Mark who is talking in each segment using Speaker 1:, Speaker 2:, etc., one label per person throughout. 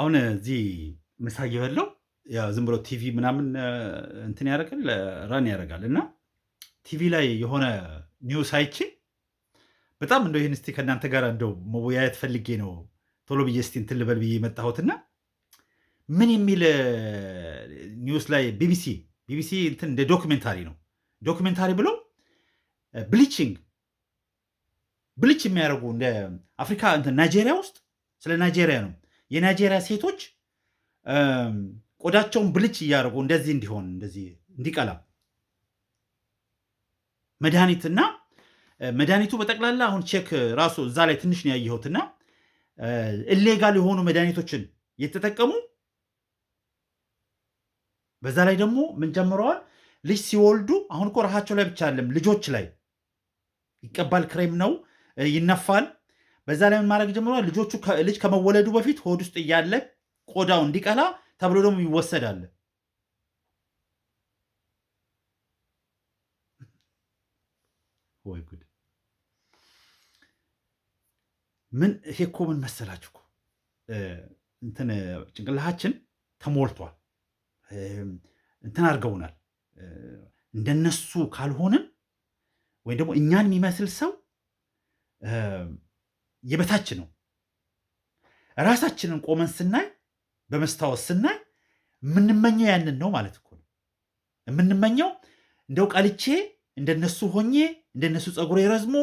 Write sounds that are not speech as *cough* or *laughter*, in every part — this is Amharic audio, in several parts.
Speaker 1: አሁን እዚህ ምሳ እየበላሁ ዝም ብሎ ቲቪ ምናምን እንትን ያደርጋል ራን ያደርጋል እና ቲቪ ላይ የሆነ ኒውስ አይቼ በጣም እንደው ይህን እስቲ ከእናንተ ጋር እንደው መወያየት ፈልጌ ነው ቶሎ ብዬ እስቲ እንትን ልበል ብዬ የመጣሁትና ምን የሚል ኒውስ ላይ ቢቢሲ ቢቢሲ እንትን እንደ ዶክሜንታሪ ነው ዶክሜንታሪ ብሎ ብሊችንግ ብልች የሚያደርጉ እንደ አፍሪካ ናይጄሪያ ውስጥ ስለ ናይጄሪያ ነው የናይጄሪያ ሴቶች ቆዳቸውን ብልጭ እያደረጉ እንደዚህ እንዲሆን እንደዚህ እንዲቀላ መድኃኒትና መድኃኒቱ በጠቅላላ አሁን ቼክ ራሱ እዛ ላይ ትንሽ ነው ያየሁትና ኢሌጋል የሆኑ መድኃኒቶችን የተጠቀሙ በዛ ላይ ደግሞ ምን ጀምረዋል? ልጅ ሲወልዱ አሁን እኮ ራሳቸው ላይ ብቻ አለም ልጆች ላይ ይቀባል፣ ክሬም ነው ይነፋል። በዛ ላይ ማድረግ ጀምሯል? ልጆቹ ልጅ ከመወለዱ በፊት ሆድ ውስጥ እያለ ቆዳው እንዲቀላ ተብሎ ደግሞ ይወሰዳል። ወይ ጉድ! ምን ይሄ እኮ ምን መሰላችሁ እኮ እንትን ጭንቅላታችን ተሞልቷል። እንትን አድርገውናል። እንደነሱ ካልሆንን ወይም ደግሞ እኛን የሚመስል ሰው የበታች ነው። ራሳችንን ቆመን ስናይ፣ በመስታወት ስናይ የምንመኘው ያንን ነው ማለት እኮ ነው። የምንመኘው እንደው ቀልቼ እንደነሱ ሆኜ እንደነሱ ፀጉሬ ረዝሞ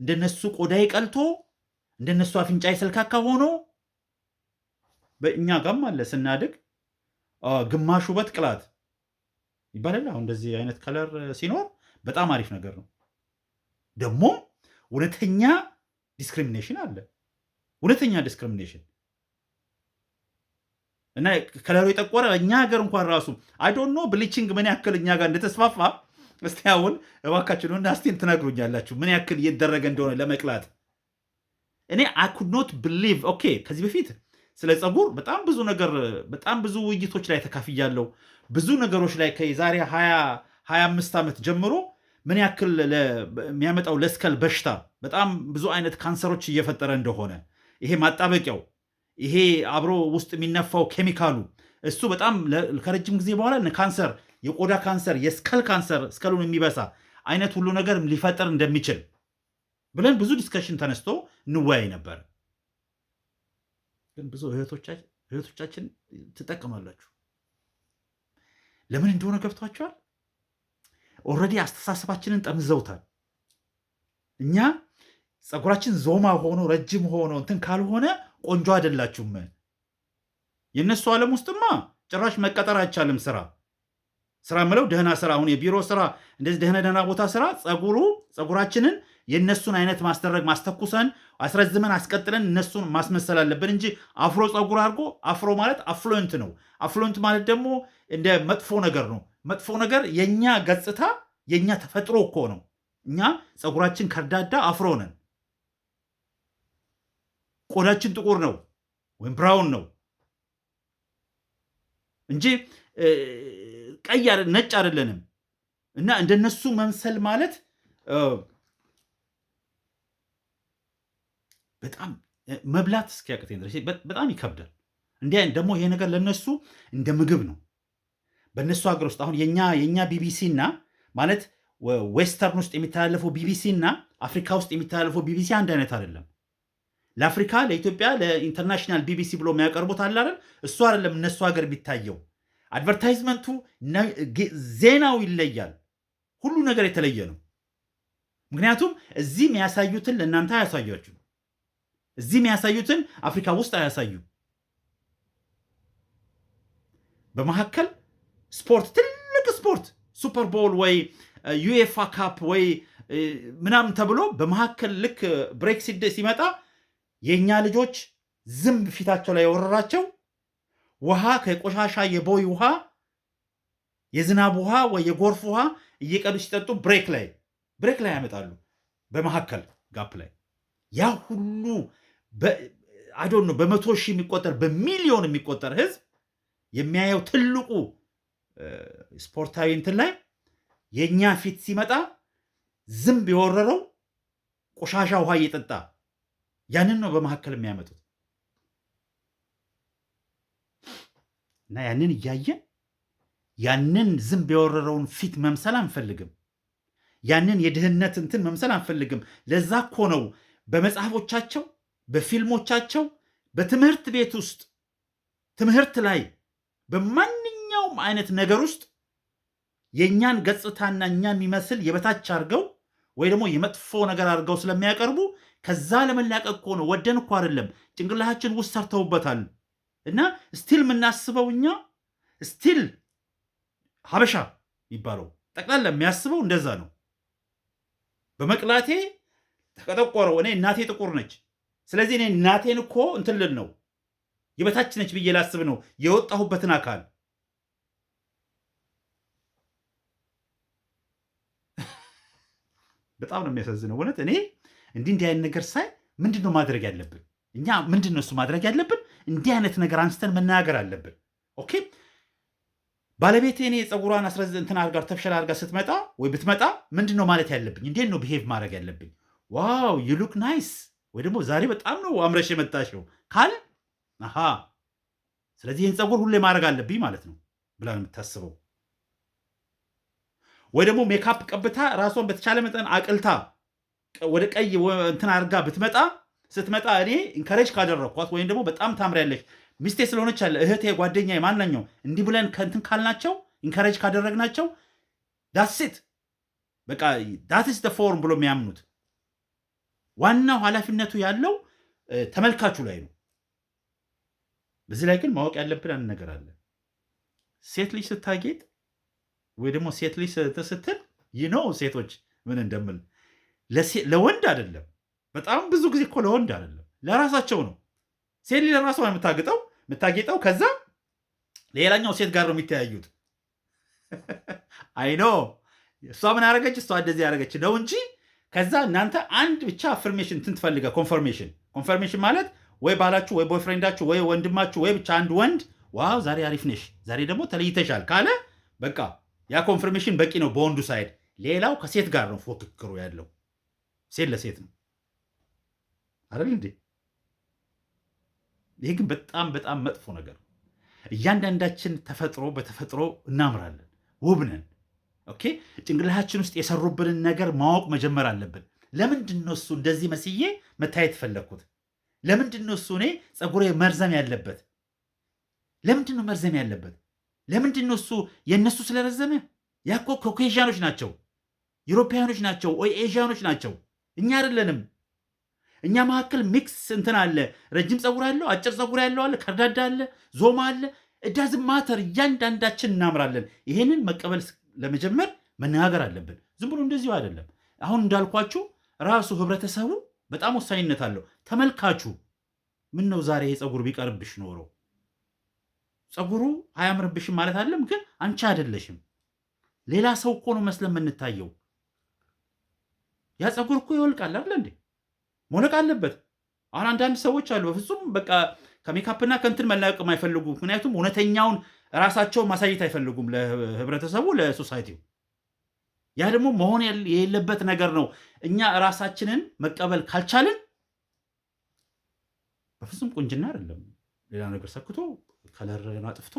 Speaker 1: እንደነሱ ቆዳዬ ቀልቶ እንደነሱ አፍንጫዬ ሰልካካ ሆኖ በእኛ ጋም አለ ስናድግ ግማሽ ውበት ቅላት ይባላል። አሁን እንደዚህ አይነት ከለር ሲኖር በጣም አሪፍ ነገር ነው ደግሞ እውነተኛ ዲስክሪሚኔሽን አለ፣ እውነተኛ ዲስክሪሚኔሽን እና ከለሩ የጠቆረ እኛ ሀገር እንኳን ራሱ አይዶኖ ብሊችንግ ምን ያክል እኛ ጋር እንደተስፋፋ እስቲ አሁን እባካችን ሆና ስቲን ትነግሩኛላችሁ ምን ያክል እየደረገ እንደሆነ ለመቅላት። እኔ አይ ኩድ ኖት ብሊቭ ኦኬ። ከዚህ በፊት ስለ ጸጉር በጣም ብዙ ነገር በጣም ብዙ ውይይቶች ላይ ተካፍያለሁ። ብዙ ነገሮች ላይ ከዛሬ ሀያ አምስት ዓመት ጀምሮ ምን ያክል የሚያመጣው ለስከል በሽታ በጣም ብዙ አይነት ካንሰሮች እየፈጠረ እንደሆነ ይሄ ማጣበቂያው ይሄ አብሮ ውስጥ የሚነፋው ኬሚካሉ እሱ በጣም ከረጅም ጊዜ በኋላ ካንሰር፣ የቆዳ ካንሰር፣ የስከል ካንሰር ስከሉን የሚበሳ አይነት ሁሉ ነገር ሊፈጠር እንደሚችል ብለን ብዙ ዲስከሽን ተነስቶ እንወያይ ነበር። ግን ብዙ እህቶቻችን ትጠቀማላችሁ። ለምን እንደሆነ ገብቷቸዋል። ኦልሬዲ አስተሳሰባችንን ጠምዘውታል። እኛ ፀጉራችን ዞማ ሆኖ ረጅም ሆኖ እንትን ካልሆነ ቆንጆ አይደላችሁም። የእነሱ ዓለም ውስጥማ ጭራሽ መቀጠር አይቻልም። ስራ ስራ ምለው ደህና ስራ፣ አሁን የቢሮ ስራ እንደዚህ ደህነ ደህና ቦታ ስራ ፀጉሩ ፀጉራችንን የእነሱን አይነት ማስደረግ ማስተኩሰን አስረዝመን አስቀጥለን እነሱን ማስመሰል አለብን እንጂ አፍሮ ፀጉር አድርጎ አፍሮ ማለት አፍሉንት ነው። አፍሉንት ማለት ደግሞ እንደ መጥፎ ነገር ነው። መጥፎ ነገር የእኛ ገጽታ የእኛ ተፈጥሮ እኮ ነው። እኛ ፀጉራችን ከርዳዳ አፍሮ ነን። ቆዳችን ጥቁር ነው ወይም ብራውን ነው እንጂ ቀይ ነጭ አይደለንም። እና እንደነሱ መምሰል ማለት በጣም መብላት እስኪያቅተኝ ድረስ በጣም ይከብዳል። እንዲህ ደግሞ ይሄ ነገር ለነሱ እንደ ምግብ ነው። በእነሱ ሀገር ውስጥ አሁን የኛ የኛ ቢቢሲ እና ማለት ዌስተርን ውስጥ የሚተላለፈው ቢቢሲ እና አፍሪካ ውስጥ የሚተላለፈው ቢቢሲ አንድ አይነት አይደለም። ለአፍሪካ ለኢትዮጵያ ለኢንተርናሽናል ቢቢሲ ብሎ የሚያቀርቡት አለ እሱ አይደለም እነሱ ሀገር የሚታየው አድቨርታይዝመንቱ፣ ዜናው ይለያል። ሁሉ ነገር የተለየ ነው። ምክንያቱም እዚህ የሚያሳዩትን ለእናንተ አያሳያችሁ። እዚህ የሚያሳዩትን አፍሪካ ውስጥ አያሳዩ። በመካከል ስፖርት፣ ትልቅ ስፖርት ሱፐር ቦል ወይ ዩኤፋ ካፕ ወይ ምናምን ተብሎ በመካከል ልክ ብሬክሲት ሲመጣ የእኛ ልጆች ዝንብ ፊታቸው ላይ የወረራቸው ውሃ ከቆሻሻ የቦይ ውሃ፣ የዝናብ ውሃ ወይ የጎርፍ ውሃ እየቀዱ ሲጠጡ ብሬክ ላይ ብሬክ ላይ ያመጣሉ። በመካከል ጋፕ ላይ ያ ሁሉ አዶ በመቶ ሺህ የሚቆጠር በሚሊዮን የሚቆጠር ህዝብ የሚያየው ትልቁ ስፖርታዊ እንትን ላይ የእኛ ፊት ሲመጣ ዝንብ የወረረው ቆሻሻ ውሃ እየጠጣ ያንን ነው በመካከል የሚያመጡት እና ያንን እያየን ያንን ዝንብ የወረረውን ፊት መምሰል አንፈልግም። ያንን የድህነት እንትን መምሰል አንፈልግም። ለዛ እኮ ነው በመጽሐፎቻቸው፣ በፊልሞቻቸው፣ በትምህርት ቤት ውስጥ ትምህርት ላይ በማንኛውም አይነት ነገር ውስጥ የእኛን ገጽታና እኛን የሚመስል የበታች አድርገው ወይ ደግሞ የመጥፎ ነገር አድርገው ስለሚያቀርቡ ከዛ ለመላቀቅ እኮ ነው። ወደን እኮ አይደለም። ጭንቅላታችን ውስጥ ሰርተውበታል። እና ስቲል የምናስበው እኛ ስቲል ሀበሻ የሚባለው ጠቅላላ የሚያስበው እንደዛ ነው። በመቅላቴ ተቀጠቆረው እኔ እናቴ ጥቁር ነች፣ ስለዚህ እኔ እናቴን እኮ እንትልል ነው የበታች ነች ብዬ ላስብ ነው የወጣሁበትን አካል በጣም ነው የሚያሳዝነው እውነት እኔ እንዲህ እንዲህ አይነት ነገር ሳይ ምንድን ነው ማድረግ ያለብን እኛ ምንድን ነው እሱ ማድረግ ያለብን እንዲህ አይነት ነገር አንስተን መናገር አለብን። ኦኬ ባለቤቴ እኔ የፀጉሯን እንትን አርጋር ተብሸል አርጋ ስትመጣ ወይ ብትመጣ ምንድን ነው ማለት ያለብኝ? እንዴት ነው ብሄቭ ማድረግ ያለብኝ? ዋው ዩ ሉክ ናይስ፣ ወይ ደግሞ ዛሬ በጣም ነው አምረሽ የመጣሽው ካል አሃ፣ ስለዚህ ይህን ፀጉር ሁሌ ማድረግ አለብኝ ማለት ነው ብላ ነው የምታስበው። ወይ ደግሞ ሜካፕ ቀብታ ራሷን በተቻለ መጠን አቅልታ ወደ ቀይ እንትን አድርጋ ብትመጣ ስትመጣ እኔ ኢንከሬጅ ካደረግኳት ወይም ደግሞ በጣም ታምሪያለች ሚስቴ ስለሆነች አለ እህቴ፣ ጓደኛ ማንኛው እንዲህ ብለን ከእንትን ካልናቸው ኢንከሬጅ ካደረግናቸው ዳስት በቃ ዳትስ ደ ፎርም ብሎ የሚያምኑት ዋናው ኃላፊነቱ ያለው ተመልካቹ ላይ ነው። በዚህ ላይ ግን ማወቅ ያለብን አንድ ነገር አለ። ሴት ልጅ ስታጌጥ ወይ ደግሞ ሴት ልጅ ስትል ይኖ ሴቶች ምን እንደምል ለወንድ አይደለም። በጣም ብዙ ጊዜ እኮ ለወንድ አይደለም፣ ለራሳቸው ነው። ሴት ልጅ ለራሷ የምታግጠው የምታጌጠው ከዛ ሌላኛው ሴት ጋር ነው የሚተያዩት። *laughs* አይኖ እሷ ምን ያደረገች እሷ እንደዚህ ያደረገች ነው እንጂ ከዛ እናንተ አንድ ብቻ አፍርሜሽን እንትን ኮንፈርሜሽን። ኮንፈርሜሽን ማለት ወይ ባላችሁ ወይ ቦይፍሬንዳችሁ ወይ ወንድማችሁ ወይ ብቻ አንድ ወንድ ዋው ዛሬ አሪፍ ነሽ፣ ዛሬ ደግሞ ተለይተሻል ካለ በቃ ያ ኮንፈርሜሽን በቂ ነው በወንዱ ሳይድ። ሌላው ከሴት ጋር ነው ፉክክሩ ያለው። ሴት ለሴት ነው አይደል እንዴ? ይሄ ግን በጣም በጣም መጥፎ ነገር ነው። እያንዳንዳችን ተፈጥሮ በተፈጥሮ እናምራለን፣ ውብ ነን። ኦኬ ጭንቅላታችን ውስጥ የሰሩብንን ነገር ማወቅ መጀመር አለብን። ለምንድን ነው እሱ እንደዚህ መስዬ መታየት ፈለግኩት? ለምንድን ነው እሱ እኔ ፀጉሬ መርዘም ያለበት? ለምንድን ነው መርዘም ያለበት? ለምንድን ነው እሱ የእነሱ ስለረዘመ? ያኮ ኮኬዥያኖች ናቸው፣ ዩሮፓያኖች ናቸው፣ ወይ ኤዥያኖች ናቸው። እኛ አይደለንም። እኛ መካከል ሚክስ እንትን አለ፣ ረጅም ፀጉር ያለው አጭር ፀጉር ያለው አለ፣ ከርዳዳ አለ፣ ዞማ አለ። እዳዝ ማተር እያንዳንዳችን እናምራለን። ይሄንን መቀበል ለመጀመር መነጋገር አለብን። ዝም ብሎ እንደዚሁ አይደለም። አሁን እንዳልኳችሁ ራሱ ህብረተሰቡ በጣም ወሳኝነት አለው። ተመልካቹ ምን ነው ዛሬ የፀጉር ቢቀርብሽ ኖሮ ፀጉሩ አያምርብሽም ማለት አለም፣ ግን አንቺ አይደለሽም ሌላ ሰው እኮ ነው መስለ የምንታየው። ያ ፀጉር እኮ ይወልቃል አለ እንዴ? መውለቅ አለበት። አሁን አንዳንድ ሰዎች አሉ በፍጹም በቃ ከሜካፕና ከንትን መላቀቅ አይፈልጉ። ምክንያቱም እውነተኛውን ራሳቸውን ማሳየት አይፈልጉም ለህብረተሰቡ፣ ለሶሳይቲው። ያ ደግሞ መሆን የሌለበት ነገር ነው። እኛ ራሳችንን መቀበል ካልቻልን በፍጹም ቁንጅና አይደለም ሌላ ነገር ሰክቶ ከለር አጥፍቶ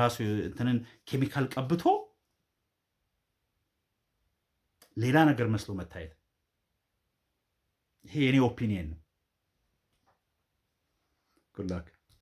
Speaker 1: ራሱ እንትንን ኬሚካል ቀብቶ ሌላ ነገር መስሎ መታየት any opinion? Good luck.